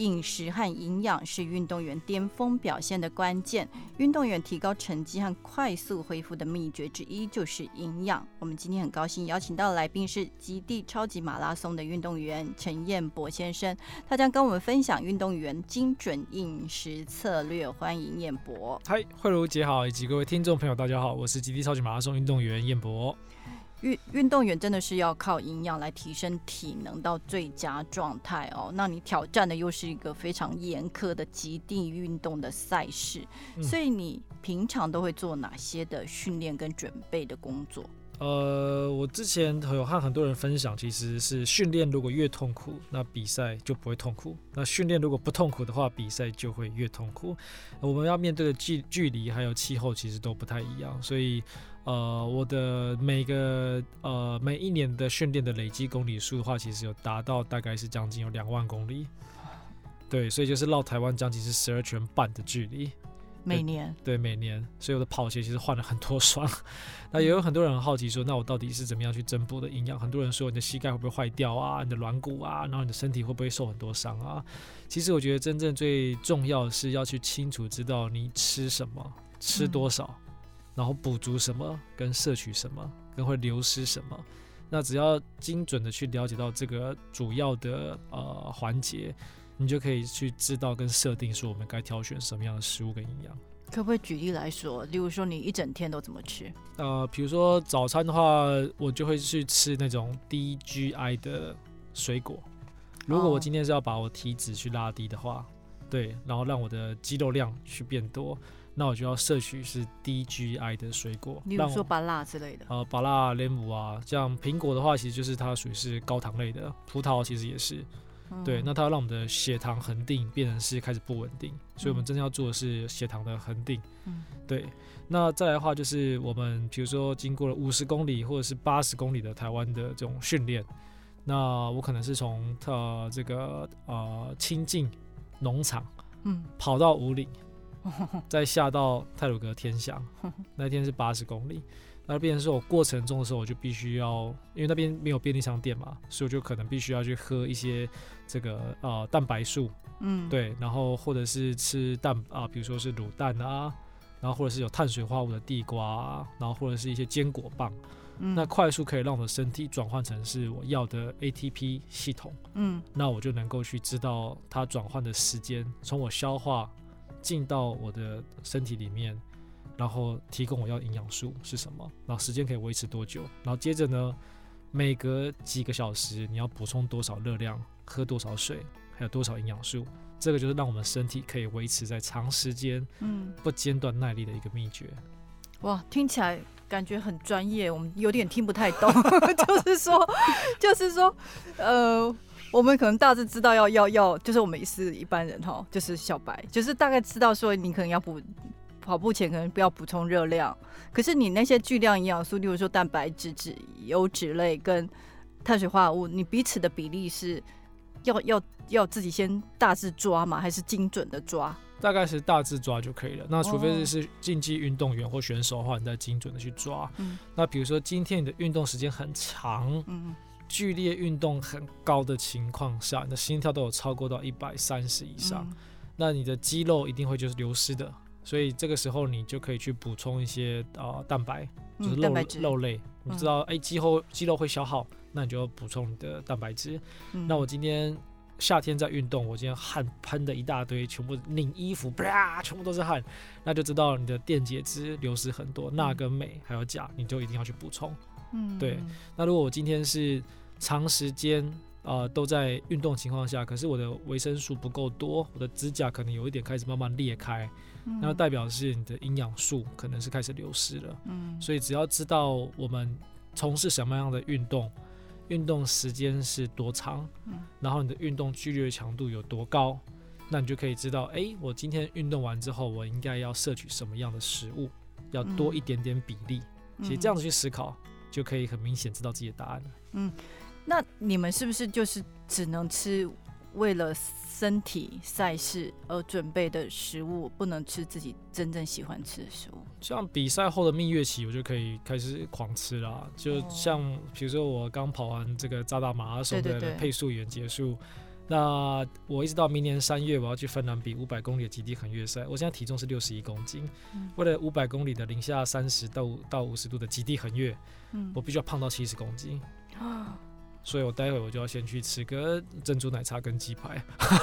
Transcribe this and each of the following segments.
飲食和營養是運動員巔峰表現的關鍵。運動員提高成績和快速恢復的秘訣之一就是營養。我們今天很高興邀請到的來賓是極地超級馬拉松的運動員陳彥博先生，他將跟我們分享運動員精準飲食策略。歡迎彥博！嗨，惠如姐好，以及各位聽眾朋友，大家好，我是極地超級馬拉松運動員彥博。運運動員真的是要靠營養來提升體能到最佳狀態哦。那你挑戰的又是一個非常嚴苛的極地運動的賽事，嗯、所以你平常都會做哪些的訓練跟準備的工作？呃，我之前有和很多人分享，其實是訓練如果越痛苦，那比賽就不會痛苦；那訓練如果不痛苦的話，比賽就會越痛苦。呃，我們要面對的距距離還有氣候，其實都不太一樣。所以，呃，我的每個呃每一年的訓練的累計公里數的話，其實有達到大概是將近有兩萬公里。對，所以就是繞台灣將近是十二圈半的距離。每年，對，對每年，所以我的跑鞋其實換了很多雙。那也有很多人很好奇說，那我到底是怎麼樣去增補的營養？很多人說你的膝蓋會不會壞掉啊，你的軟骨啊，然後你的身體會不會受很多傷啊？其實我覺得真正最重要的是要去清楚知道你吃什麼，吃多少，嗯、然後補足什麼，跟攝取什麼，跟會流失什麼。那只要精準的去了解到這個主要的呃環節。你就可以去知道跟設定說我們該挑選什麼樣的食物跟營養。可不可以舉例來說？例如說你一整天都怎麼吃？呃，比如說早餐的話，我就會去吃那種低 GI 的水果。如果我今天是要把我的體脂去拉低的話，哦，對，然後讓我的肌肉量去變多，那我就要攝取是低 GI 的水果，比如說芭樂之類的。呃，芭樂、啊、蓮霧啊，像蘋果的話，其實就是它屬於是高糖類的，葡萄其實也是。 對，那它讓我們的血糖恆定變成是開始不穩定，所以我們真正要做的是血糖的恆定、嗯。對，那再來的話就是我們比如說經過了五十公里或者是八十公里的台灣的這種訓練，那我可能是從這個呃清境農場、嗯，跑到武嶺，再下到太魯閣天祥， 那天是八十公里。那變成是我過程中的時候，我就必須要，因為那邊沒有便利商店嘛，所以我就可能必須要去喝一些這個呃蛋白素，嗯，對，然後或者是吃蛋啊，比如說是滷蛋啊，然後或者是有碳水化合物的地瓜啊，然後或者是一些堅果棒，嗯，那快速可以讓我的身體轉換成是我要的 ATP 系統，嗯，那我就能夠去知道它轉換的時間，從我消化進到我的身體裡面。然後提供我要營養素是什麼，然後時間可以維持多久，然後接着呢，每隔幾個小時你要補充多少熱量，喝多少水，還有多少營養素，這個就是讓我們身體可以維持在長時間不間斷耐力的一個秘訣。嗯、哇，聽起來感覺很專業，我們有點聽不太懂。 就是說，就是說，呃，我們可能大致知道要要要，就是我們是一般人哈，就是小白，就是大概知道說你可能要補。跑步前可能不要補充熱量，可是你那些巨量營養素，例如說蛋白質、脂，脂油脂類跟碳水化合物，你彼此的比例是要要要自己先大致抓嗎？還是精準的抓？大概是大致抓就可以了。那除非是是競技運動員或選手的話，你再精準的去抓。哦。那比如說今天你的運動時間很長，嗯，劇烈運動很高的情況下，你的心跳都有超過到一百三十以上，嗯，那你的肌肉一定會就是流失的。所以這個時候你就可以去補充一些呃蛋白，就是肉蛋白肉類。你知道，哎、嗯，欸，肌肉肌肉會消耗，那你就要補充你的蛋白質，嗯。那我今天夏天在運動，我今天汗噴的一大堆，全部擰衣服，啪，全部都是汗，那就知道你的電解質流失很多，鈉、嗯、跟鎂還有鉀，你就一定要去補充。嗯，對。那如果我今天是長時間呃都在運動情況下，可是我的維生素不夠多，我的指甲可能有一點開始慢慢裂開。嗯、那代表是你的營養素可能是開始流失了，嗯、所以只要知道我們從事什麼樣的運動，運動時間是多長、嗯，然後你的運動劇烈強度有多高，那你就可以知道，哎、欸，我今天運動完之後，我應該要攝取什麼樣的食物，要多一點點比例，其、嗯、實這樣子去思考，嗯、就可以很明顯知道自己的答案了。嗯，那你們是不是就是只能吃？為了身體賽事而準備的食物，不能吃自己真正喜歡吃的食物。像比賽後的蜜月期，我就可以開始狂吃啦。就像，比如說我剛跑完這個渣打馬拉松的配速員，結束。對對對，那我一直到明年三月，我要去芬蘭比五百公里的極地橫越賽。我現在體重是六十一公斤，嗯、為了五百公里的零下三十到到五十度的極地橫越，嗯，我必須要胖到七十公斤。哦。所以，我待會我就要先去吃個珍珠奶茶跟雞排，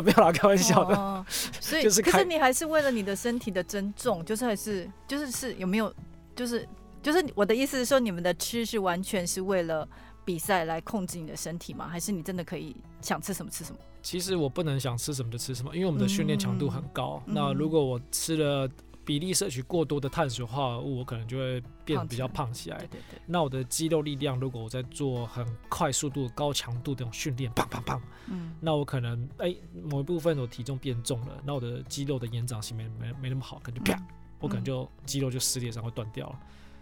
沒有啦，開玩笑的。所、哦、以， 可是你還是為了你的身體的尊重，就是還是就是是有沒有，就是就是我的意思是說，你們的吃是完全是為了比賽來控制你的身體嗎？還是你真的可以想吃什麼吃什麼？其實我不能想吃什麼就吃什麼，因為我們的訓練強度很高、嗯。那如果我吃了。比例攝取過多的碳水化合物，我可能就會變得比較胖起來。對，對對。那我的肌肉力量，如果我在做很快速度、高強度的這種訓練，砰砰砰，嗯，那我可能哎、欸，某一部分我體重變重了，那我的肌肉的延展性沒沒沒那麼好，可能就啪，嗯、我可能就肌肉就撕裂上會斷掉了，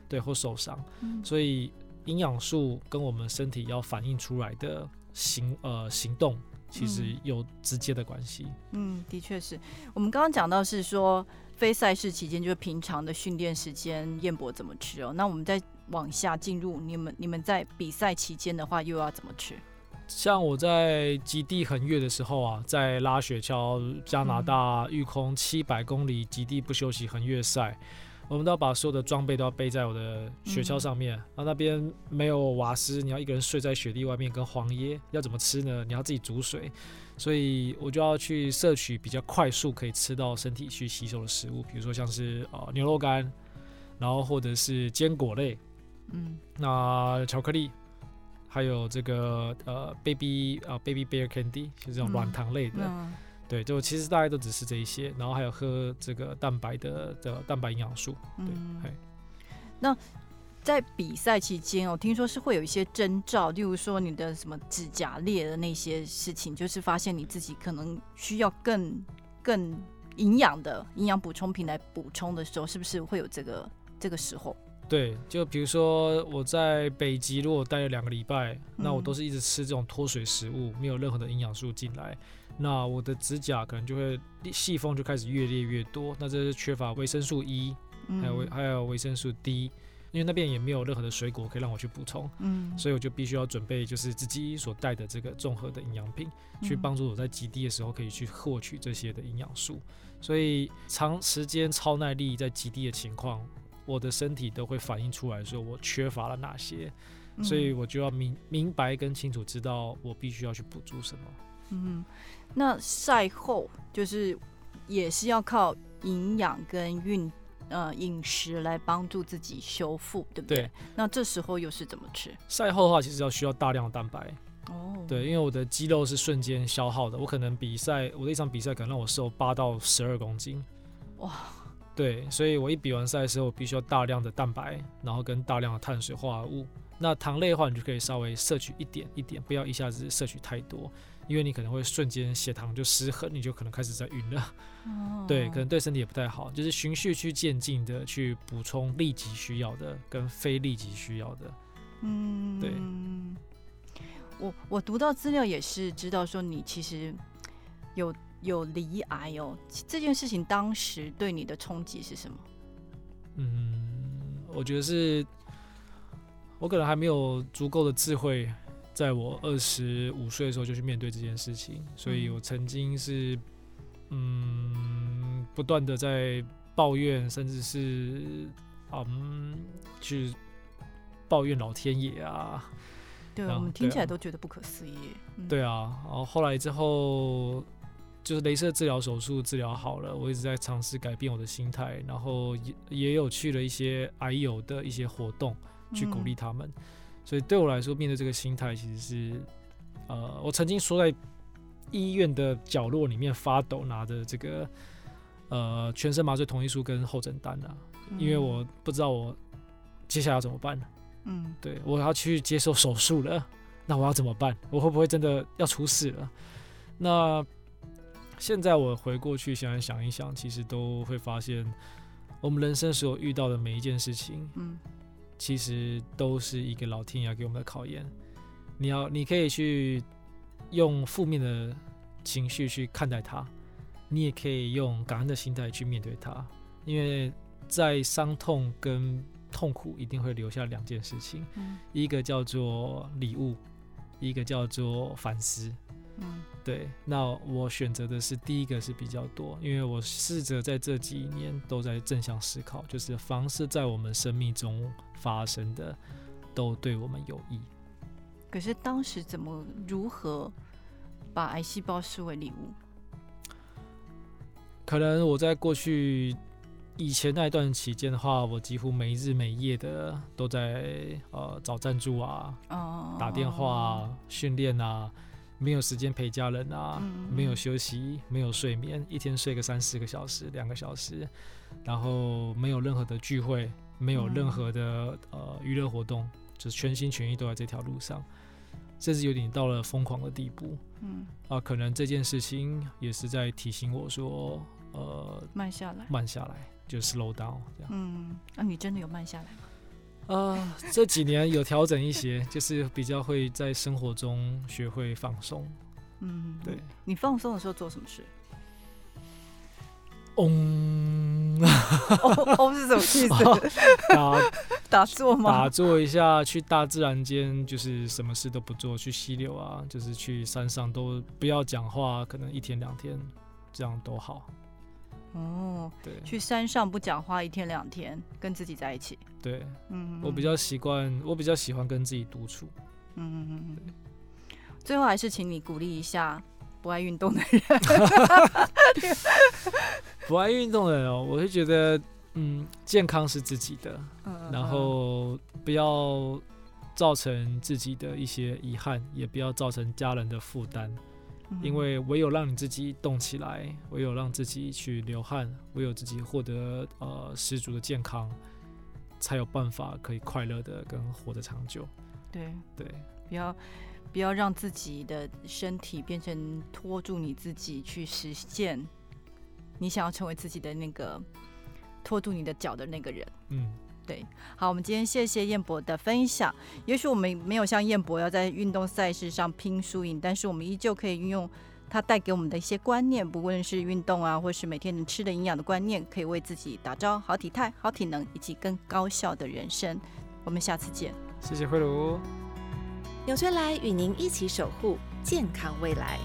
對，或受傷、嗯。所以營養素跟我們身體要反映出來的行呃行動，其實有直接的關係、嗯。嗯，的確是我們剛剛講到是說。非賽事期間就是平常的訓練時間，彥博怎麼吃哦、喔？那我們再往下進入，你們你們在比賽期間的話，又要怎麼吃？像我在極地橫越的時候啊，在拉雪橇，加拿大育空七百公里，極地不休息橫越賽。嗯嗯我們都要把所有的裝備都要背在我的雪橇上面。嗯啊、那邊沒有瓦斯，你要一個人睡在雪地外面，跟黃椰要怎麼吃呢？你要自己煮水，所以我就要去攝取比較快速可以吃到身體去吸收的食物，比如說像是、呃、牛肉乾，然後或者是堅果類，嗯，那巧克力，還有這個呃 baby 呃 baby bear candy 就是這種軟糖類的。嗯嗯對，就其實大家都只是這一些，然後還有喝這個蛋白的的、這個、蛋白營養素。對、嗯，那在比賽期間，我聽說是會有一些徵兆，例如說你的什麼指甲裂的那些事情，就是發現你自己可能需要更更營養的營養補充品來補充的時候，是不是會有這個這個時候？對，就比如說我在北極，如果待了兩個禮拜、嗯，那我都是一直吃這種脫水食物，沒有任何的營養素進來。那我的指甲可能就會裂，細縫就開始越裂越多。那這是缺乏維生素 E，嗯、還有維還有維生素 D，因為那邊也沒有任何的水果可以讓我去補充，嗯，所以我就必須要準備就是自己所帶的這個綜合的營養品，嗯、去幫助我在極地的時候可以去獲取這些的營養素。所以長時間超耐力在極地的情況，我的身體都會反映出來說我缺乏了哪些，所以我就要明明白跟清楚知道我必須要去補充什麼。嗯，那賽後就是也是要靠營養跟運呃飲食來幫助自己修復，對不對？對，那這時候又是怎麼吃？賽後的話，其實要需要大量的蛋白哦。對，因為我的肌肉是瞬間消耗的，我可能比賽我的一場比賽可能讓我瘦八到十二公斤，哇。對，所以我一比完賽的時候，我必須要大量的蛋白，然後跟大量的碳水化合物。那糖類的話，你就可以稍微攝取一點一點，不要一下子攝取太多，因為你可能會瞬間血糖就失衡，你就可能開始在暈了。哦。對，可能對身體也不太好，就是循序去漸進的去補充立即需要的跟非立即需要的。嗯，對。我我讀到資料也是知道說，你其實有。有罹癌哦，這件事情當時對你的衝擊是什麼？嗯，我覺得是我可能還沒有足夠的智慧，在我二十五歲的時候就去面對這件事情，所以我曾經是嗯，嗯不斷的在抱怨，甚至是嗯去抱怨老天爺啊。對，我們聽起來都覺得不可思議。對啊，嗯，對啊然後後來之後。就是鐳射治療手術治療好了，我一直在嘗試改變我的心態，然後也也有去了一些癌友的一些活動，去鼓勵他們，嗯。所以對我來說，面對這個心態，其實是呃，我曾經縮在醫院的角落裡面發抖，拿着這個呃全身麻醉同意書跟候診單啊，嗯，因為我不知道我接下來要怎麼辦呢？嗯，對我要去接受手術了，那我要怎麼辦？我會不會真的要出事了？那。現在我回過去，想想一想，其實都會發現，我們人生所遇到的每一件事情，嗯，其實都是一個老天爺要給我們的考驗。你要，你可以去用負面的情緒去看待它，你也可以用感恩的心態去面對它。因為在傷痛跟痛苦一定會留下兩件事情，嗯，一個叫做禮物，一個叫做反思。嗯，對，那我選擇的是第一個是比較多，因為我試着在這幾年都在正向思考，就是凡事在我們生命中發生的都對我們有益。可是當時怎麼如何把癌細胞視為禮物？可能我在過去以前那一段期間的話，我幾乎沒日沒夜的都在呃找贊助啊，嗯、打電話、訓練啊。沒有時間陪家人啊、嗯，沒有休息，沒有睡眠，一天睡個三四個小時，兩個小時，然後沒有任何的聚會，沒有任何的、嗯、呃娛樂活動，就是全心全意都在這條路上，甚至有點到了瘋狂的地步。嗯，啊、呃，可能這件事情也是在提醒我說，呃，慢下來，慢下來，就 slow down 這樣。嗯，那、啊、你真的有慢下來嗎？啊、呃，這幾年有調整一些， 就是比較會在生活中學會放鬆。嗯，對。你放鬆的時候做什麼事？嗡、哦，嗡、 哦、是什麼意思？哦、打打坐嗎？打坐一下，去大自然間，就是什麼事都不做，去溪流啊，就是去山上，都不要講話，可能一天兩天這樣都好。哦對，去山上不講話，一天兩天跟自己在一起。對，嗯,嗯，我比較習慣，我比較喜歡跟自己獨處。嗯,嗯，嗯，嗯，最後還是請你鼓勵一下不愛運動的人。 不愛運動的人哦，我是覺得，嗯，健康是自己的，嗯、然後不要造成自己的一些遺憾，也不要造成家人的負擔。因為唯有讓你自己動起來，唯有讓自己去流汗，唯有自己獲得呃十足的健康，才有辦法可以快樂的跟活得長久。對對，不要不要讓自己的身體變成拖住你自己去實現你想要成為自己的那個拖住你的腳的那個人。嗯。對，好，我們今天謝謝彥博的分享。也許我們沒有像彥博要在運動賽事上拼輸贏，但是我們依舊可以運用它帶給我們的一些觀念，不論是運動啊，或是每天能吃的營養的觀念，可以為自己打造好體態、好體能，以及更高效的人生。我們下次見。謝謝惠如。紐崔萊與您一起守護健康未來。